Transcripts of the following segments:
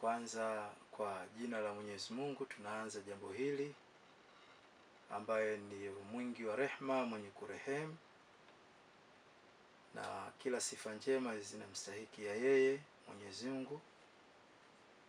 Kwanza kwa jina la Mwenyezi Mungu tunaanza jambo hili ambaye ni mwingi wa rehma, mwenye kurehemu, na kila sifa njema zinamstahikia yeye Mwenyezi Mungu,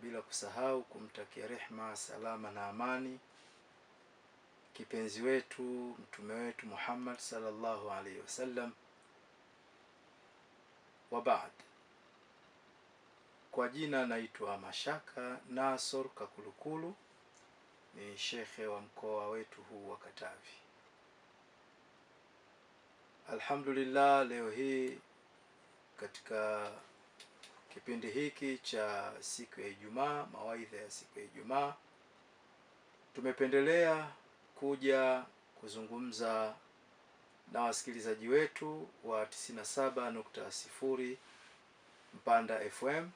bila kusahau kumtakia rehma, salama na amani kipenzi wetu mtume wetu Muhammad sallallahu alaihi wasallam, wa baad kwa jina naitwa Mashaka nasor Kakulukulu, ni shekhe wa mkoa wetu huu wa Katavi. Alhamdulillah, leo hii katika kipindi hiki cha siku ya Ijumaa, mawaidha ya siku ya Ijumaa, tumependelea kuja kuzungumza na wasikilizaji wetu wa 97.0 Mpanda FM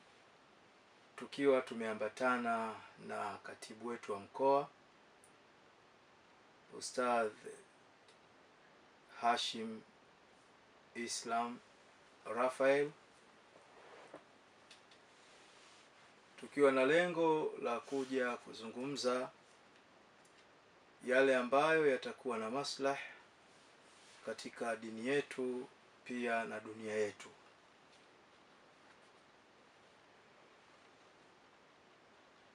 tukiwa tumeambatana na katibu wetu wa mkoa Ustadh Hashim Islam rafael tukiwa na lengo la kuja kuzungumza yale ambayo yatakuwa na maslahi katika dini yetu pia na dunia yetu.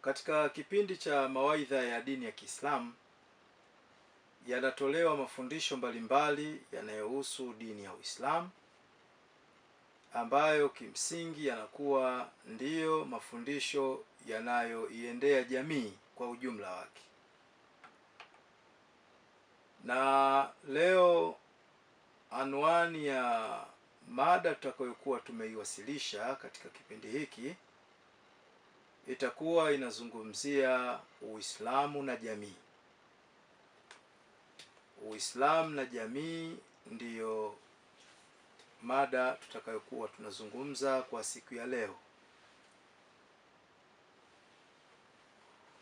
Katika kipindi cha mawaidha ya dini ya Kiislamu yanatolewa mafundisho mbalimbali yanayohusu dini ya Uislamu ambayo kimsingi yanakuwa ndiyo mafundisho yanayoiendea jamii kwa ujumla wake. Na leo anwani ya mada tutakayokuwa tumeiwasilisha katika kipindi hiki itakuwa inazungumzia Uislamu na jamii. Uislamu na jamii ndiyo mada tutakayokuwa tunazungumza kwa siku ya leo.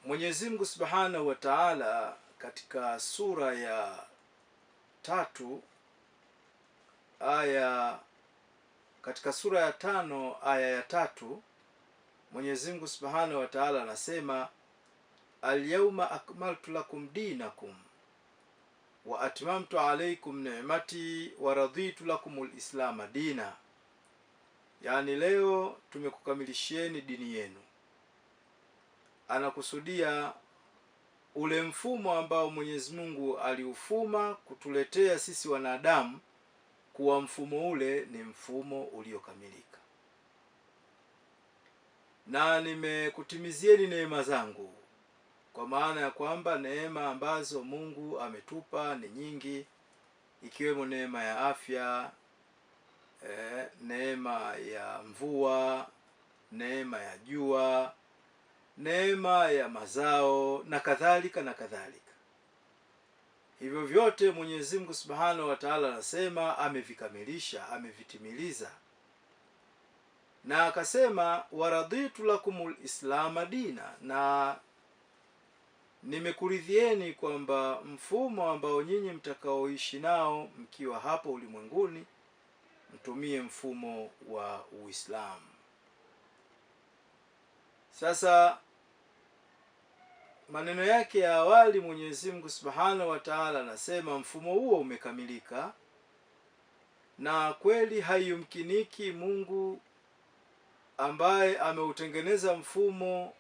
Mwenyezi Mungu Subhanahu wa Ta'ala katika sura ya tatu aya katika sura ya tano aya ya tatu Mwenyezi Mungu Subhanahu wa Ta'ala anasema alyauma akmaltu lakum dinakum wa atmamtu alaykum ni'mati wa raditu lakum al-islamu dina, yaani leo tumekukamilishieni dini yenu. Anakusudia ule mfumo ambao Mwenyezi Mungu aliufuma kutuletea sisi wanadamu, kuwa mfumo ule ni mfumo uliokamilika na nimekutimizieni neema zangu, kwa maana ya kwamba neema ambazo Mungu ametupa ni nyingi, ikiwemo neema ya afya eh, neema ya mvua, neema ya jua, neema ya mazao na kadhalika na kadhalika. Hivyo vyote Mwenyezi Mungu Subhanahu wa Ta'ala anasema amevikamilisha, amevitimiliza na akasema waraditu lakumul islama dina, na nimekuridhieni kwamba mfumo ambao nyinyi mtakaoishi nao mkiwa hapo ulimwenguni mtumie mfumo wa Uislamu. Sasa maneno yake ya awali Mwenyezi Mungu Subhanahu wa Ta'ala anasema mfumo huo umekamilika, na kweli haiyumkiniki Mungu ambaye ameutengeneza mfumo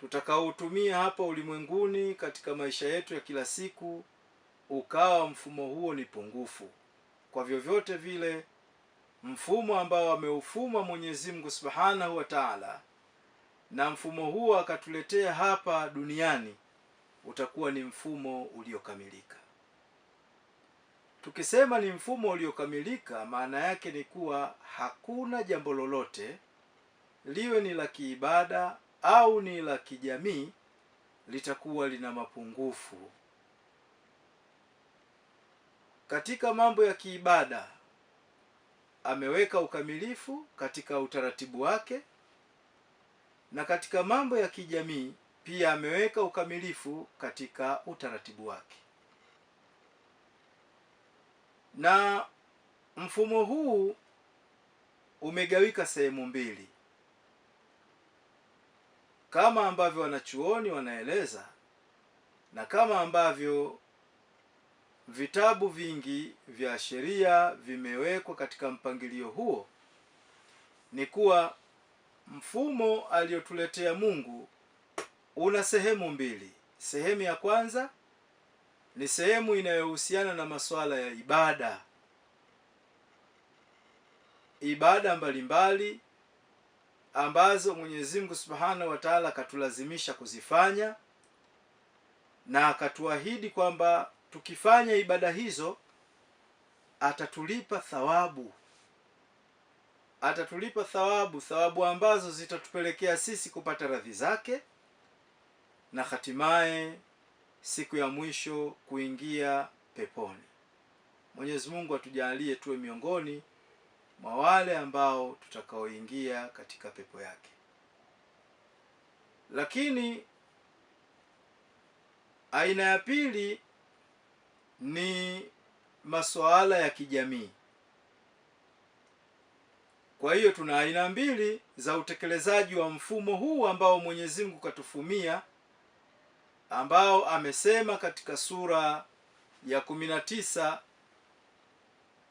tutakaotumia hapa ulimwenguni katika maisha yetu ya kila siku, ukawa mfumo huo ni pungufu. Kwa vyovyote vile, mfumo ambao ameufuma Mwenyezi Mungu Subhanahu wa Ta'ala, na mfumo huo akatuletea hapa duniani, utakuwa ni mfumo uliokamilika. Tukisema ni mfumo uliokamilika, maana yake ni kuwa hakuna jambo lolote liwe ni la kiibada au ni la kijamii litakuwa lina mapungufu. Katika mambo ya kiibada ameweka ukamilifu katika utaratibu wake, na katika mambo ya kijamii pia ameweka ukamilifu katika utaratibu wake na mfumo huu umegawika sehemu mbili kama ambavyo wanachuoni wanaeleza na kama ambavyo vitabu vingi vya sheria vimewekwa katika mpangilio huo, ni kuwa mfumo aliotuletea Mungu una sehemu mbili. Sehemu ya kwanza ni sehemu inayohusiana na masuala ya ibada, ibada mbalimbali ambazo Mwenyezi Mungu Subhanahu wa Ta'ala akatulazimisha kuzifanya na akatuahidi kwamba tukifanya ibada hizo atatulipa thawabu, atatulipa thawabu, thawabu ambazo zitatupelekea sisi kupata radhi zake na hatimaye siku ya mwisho kuingia peponi. Mwenyezi Mungu atujalie tuwe miongoni mwa wale ambao tutakaoingia katika pepo yake. Lakini aina ya pili ni masuala ya kijamii. Kwa hiyo tuna aina mbili za utekelezaji wa mfumo huu ambao Mwenyezi Mungu katufumia ambao amesema katika sura ya kumi na tisa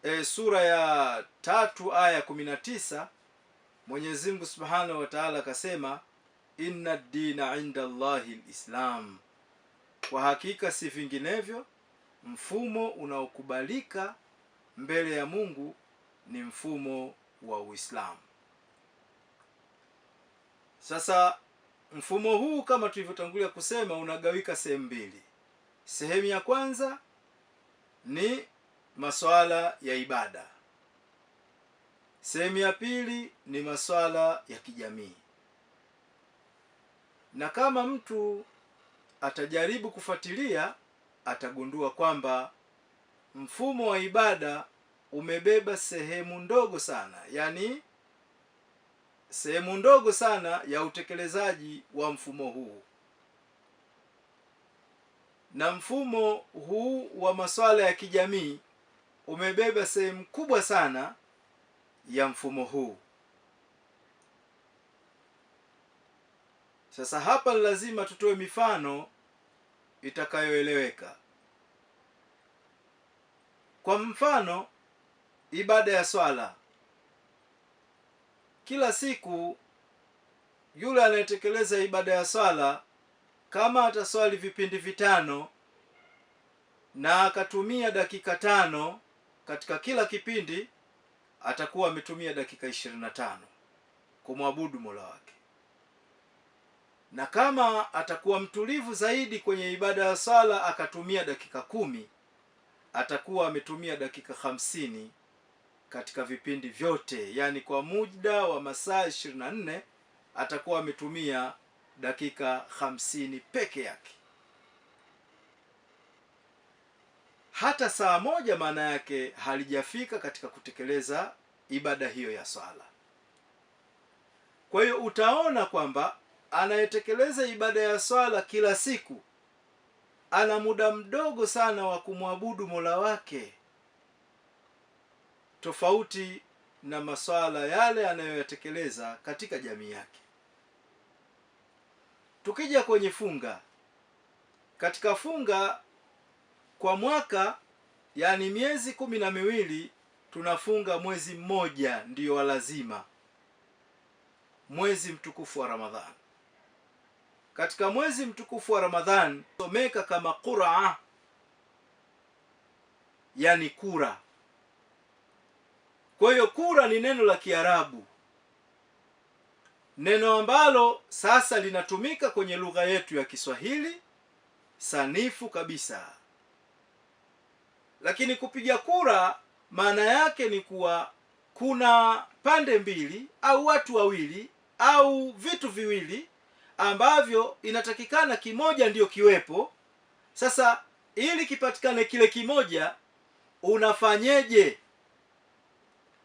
e, sura ya tatu aya ya kumi na tisa Mwenyezi Mungu Subhanahu wa Ta'ala akasema inna dina inda Allahi lislam, kwa hakika si vinginevyo mfumo unaokubalika mbele ya Mungu ni mfumo wa Uislamu. Sasa Mfumo huu kama tulivyotangulia kusema unagawika sehemu mbili. Sehemu ya kwanza ni masuala ya ibada, sehemu ya pili ni masuala ya kijamii. Na kama mtu atajaribu kufuatilia, atagundua kwamba mfumo wa ibada umebeba sehemu ndogo sana, yaani sehemu ndogo sana ya utekelezaji wa mfumo huu, na mfumo huu wa masuala ya kijamii umebeba sehemu kubwa sana ya mfumo huu. Sasa hapa lazima tutoe mifano itakayoeleweka. Kwa mfano, ibada ya swala kila siku yule anayetekeleza ibada ya swala kama ataswali vipindi vitano na akatumia dakika tano katika kila kipindi, atakuwa ametumia dakika ishirini na tano kumwabudu Mola wake. Na kama atakuwa mtulivu zaidi kwenye ibada ya sala akatumia dakika kumi, atakuwa ametumia dakika hamsini katika vipindi vyote, yaani kwa muda wa masaa 24 na nne atakuwa ametumia dakika hamsini peke yake. Hata saa moja maana yake halijafika katika kutekeleza ibada hiyo ya swala. Kwa hiyo utaona kwamba anayetekeleza ibada ya swala kila siku ana muda mdogo sana wa kumwabudu Mola wake tofauti na masuala yale anayoyatekeleza katika jamii yake. Tukija kwenye funga, katika funga kwa mwaka, yaani miezi kumi na miwili tunafunga mwezi mmoja, ndio wa lazima, mwezi mtukufu wa Ramadhani. Katika mwezi mtukufu wa Ramadhani someka kama qura yani kura kwa hiyo kura ni neno la Kiarabu, neno ambalo sasa linatumika kwenye lugha yetu ya Kiswahili sanifu kabisa. Lakini kupiga kura maana yake ni kuwa kuna pande mbili au watu wawili au vitu viwili ambavyo inatakikana kimoja ndiyo kiwepo. Sasa ili kipatikane kile kimoja, unafanyeje?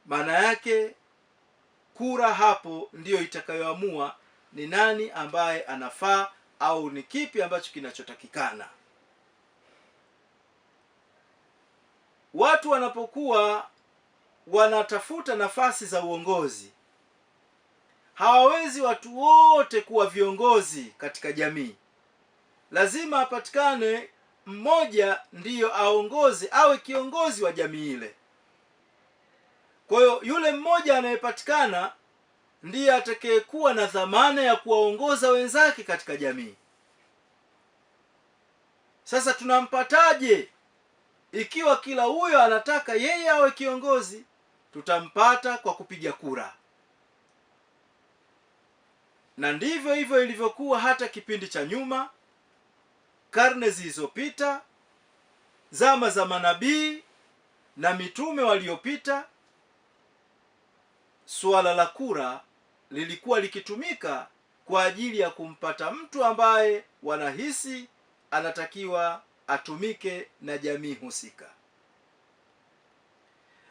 maana yake kura hapo ndiyo itakayoamua ni nani ambaye anafaa au ni kipi ambacho kinachotakikana watu wanapokuwa wanatafuta nafasi za uongozi hawawezi watu wote kuwa viongozi katika jamii lazima apatikane mmoja ndiyo aongoze awe kiongozi wa jamii ile kwa hiyo yule mmoja anayepatikana ndiye atakayekuwa na dhamana ya kuwaongoza wenzake katika jamii sasa tunampataje ikiwa kila huyo anataka yeye awe kiongozi tutampata kwa kupiga kura na ndivyo hivyo ilivyokuwa hata kipindi cha nyuma karne zilizopita zama za manabii na mitume waliopita suala la kura lilikuwa likitumika kwa ajili ya kumpata mtu ambaye wanahisi anatakiwa atumike na jamii husika.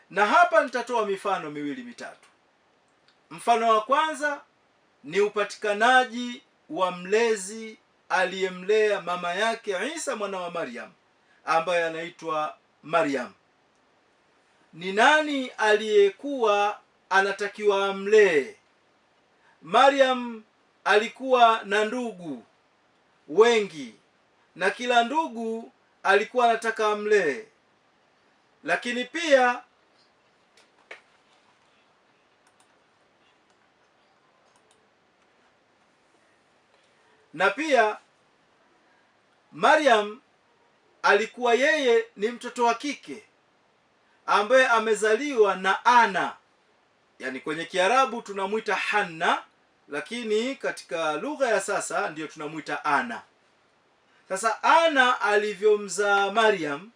Na hapa nitatoa mifano miwili mitatu. Mfano wa kwanza ni upatikanaji wa mlezi aliyemlea mama yake Isa mwana wa Maryam ambaye anaitwa Maryam. Ni nani aliyekuwa anatakiwa amlee. Mariam alikuwa na ndugu wengi na kila ndugu alikuwa anataka amlee, lakini pia na pia Mariam alikuwa yeye ni mtoto wa kike ambaye amezaliwa na Ana yani kwenye Kiarabu tunamwita Hanna, lakini katika lugha ya sasa ndiyo tunamwita Ana. Sasa Ana alivyomzaa Mariam,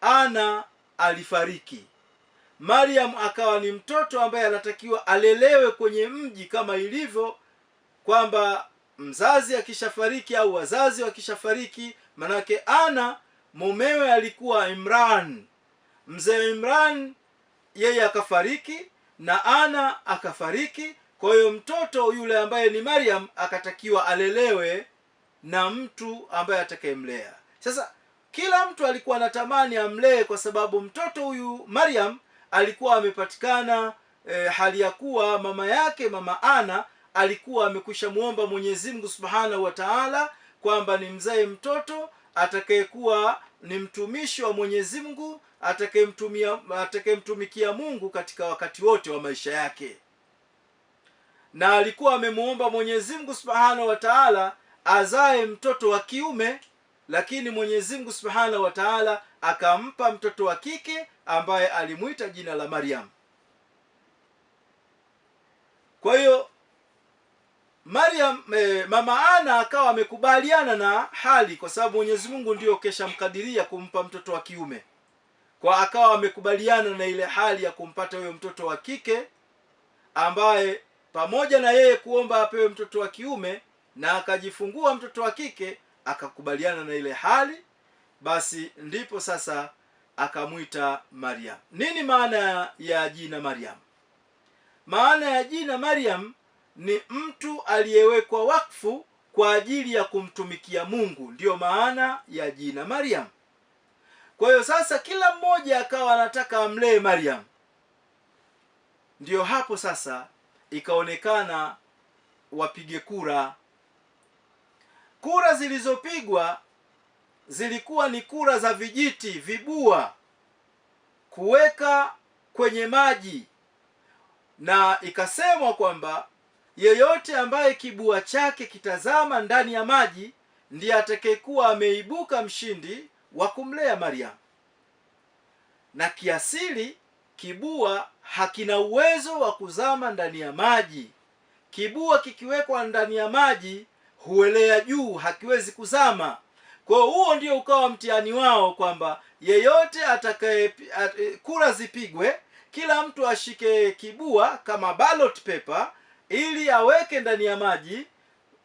Ana alifariki. Mariam akawa ni mtoto ambaye anatakiwa alelewe kwenye mji kama ilivyo kwamba mzazi akishafariki au wazazi wakishafariki, manake Ana mumewe alikuwa Imran, mzee Imran yeye akafariki, na ana akafariki kwa hiyo mtoto yule ambaye ni Maryam akatakiwa alelewe na mtu ambaye atakayemlea sasa kila mtu alikuwa anatamani amlee kwa sababu mtoto huyu Maryam alikuwa amepatikana e, hali ya kuwa mama yake mama Ana alikuwa amekwisha muomba Mwenyezi Mungu Subhanahu wa Ta'ala kwamba ni mzee mtoto atakayekuwa ni mtumishi wa Mwenyezi Mungu atakayemtumia atakayemtumikia Mungu katika wakati wote wa maisha yake. Na alikuwa amemuomba Mwenyezi Mungu Subhanahu wa Ta'ala azae mtoto wa kiume, lakini Mwenyezi Mungu Subhanahu wa Ta'ala akampa mtoto wa kike ambaye alimwita jina la Maryam. Kwa hiyo Mariam, e, mama Ana akawa amekubaliana na hali kwa sababu Mwenyezi Mungu kesha mkadiria kumpa mtoto wa kiume. Kwa akawa amekubaliana na ile hali ya kumpata huyo mtoto wa kike ambaye pamoja na yeye kuomba apewe mtoto wa kiume na akajifungua mtoto wa kike akakubaliana na ile hali, basi ndipo sasa akamwita mariam Nini maana ya jina mariam Maana ya jina mariam ni mtu aliyewekwa wakfu kwa ajili ya kumtumikia mungu ndiyo maana ya jina mariam kwa hiyo sasa kila mmoja akawa anataka amlee mariam ndiyo hapo sasa ikaonekana wapige kura kura zilizopigwa zilikuwa ni kura za vijiti vibua kuweka kwenye maji na ikasemwa kwamba yeyote ambaye kibua chake kitazama ndani ya maji ndiye atakayekuwa ameibuka mshindi wa kumlea Mariamu. Na kiasili kibua hakina uwezo wa kuzama ndani ya maji. Kibua kikiwekwa ndani ya maji huelea juu, hakiwezi kuzama. Kwa hiyo huo ndio ukawa mtihani wao, kwamba yeyote atakaye e, kura zipigwe, kila mtu ashike kibua kama ballot paper ili aweke ndani ya maji.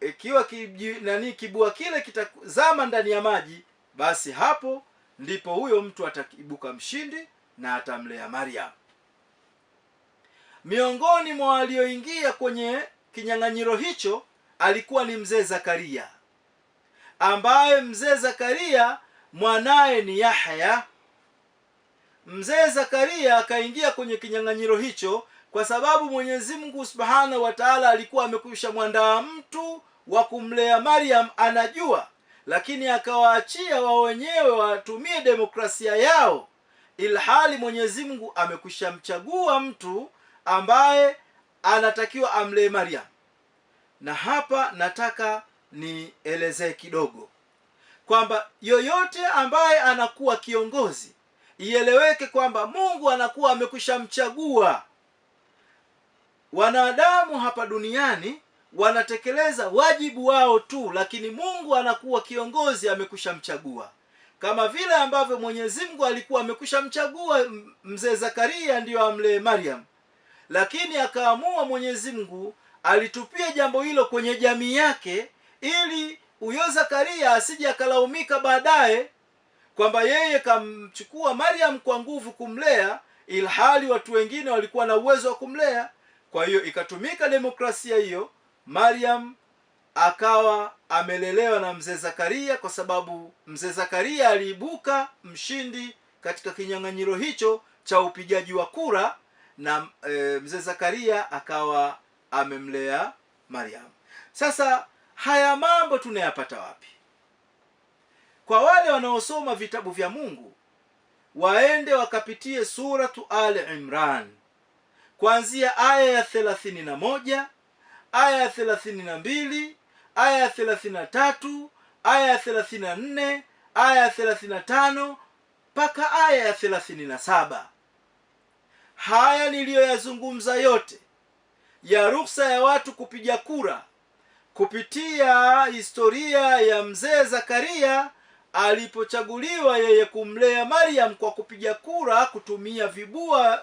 Ikiwa kiji, nani kibua kile kitazama ndani ya maji, basi hapo ndipo huyo mtu ataibuka mshindi na atamlea Maryam. Miongoni mwa walioingia kwenye kinyang'anyiro hicho alikuwa ni mzee Zakaria, ambaye mzee Zakaria mwanaye ni Yahya. Mzee Zakaria akaingia kwenye kinyang'anyiro hicho kwa sababu mwenyezi mungu subhanahu wa taala alikuwa amekwisha mwandaa mtu wa kumlea maryam anajua lakini akawaachia wao wenyewe watumie demokrasia yao ilhali mwenyezi mungu amekwisha mchagua mtu ambaye anatakiwa amlee maryam na hapa nataka nielezee kidogo kwamba yoyote ambaye anakuwa kiongozi ieleweke kwamba mungu anakuwa amekwisha mchagua wanadamu hapa duniani wanatekeleza wajibu wao tu, lakini Mungu anakuwa kiongozi, amekushamchagua kama vile ambavyo Mwenyezi Mungu alikuwa amekushamchagua mzee Zakaria ndiyo amlee Mariam, lakini akaamua Mwenyezi Mungu alitupia jambo hilo kwenye jamii yake, ili huyo Zakaria asije akalaumika baadaye kwamba yeye kamchukua Mariam kwa nguvu kumlea, ilhali watu wengine walikuwa na uwezo wa kumlea. Kwa hiyo ikatumika demokrasia hiyo, Mariam akawa amelelewa na mzee Zakaria, kwa sababu mzee Zakaria aliibuka mshindi katika kinyang'anyiro hicho cha upigaji wa kura, na e, mzee Zakaria akawa amemlea Mariam. Sasa haya mambo tunayapata wapi? Kwa wale wanaosoma vitabu vya Mungu waende wakapitie suratu Al Imran kuanzia aya ya thelathini na moja aya ya thelathini na mbili aya ya thelathini na tatu aya ya thelathini na nne aya ya thelathini na tano mpaka aya ya thelathini na saba haya niliyoyazungumza yote ya ruksa ya watu kupiga kura kupitia historia ya mzee Zakaria alipochaguliwa yeye kumlea Mariam kwa kupiga kura kutumia vibua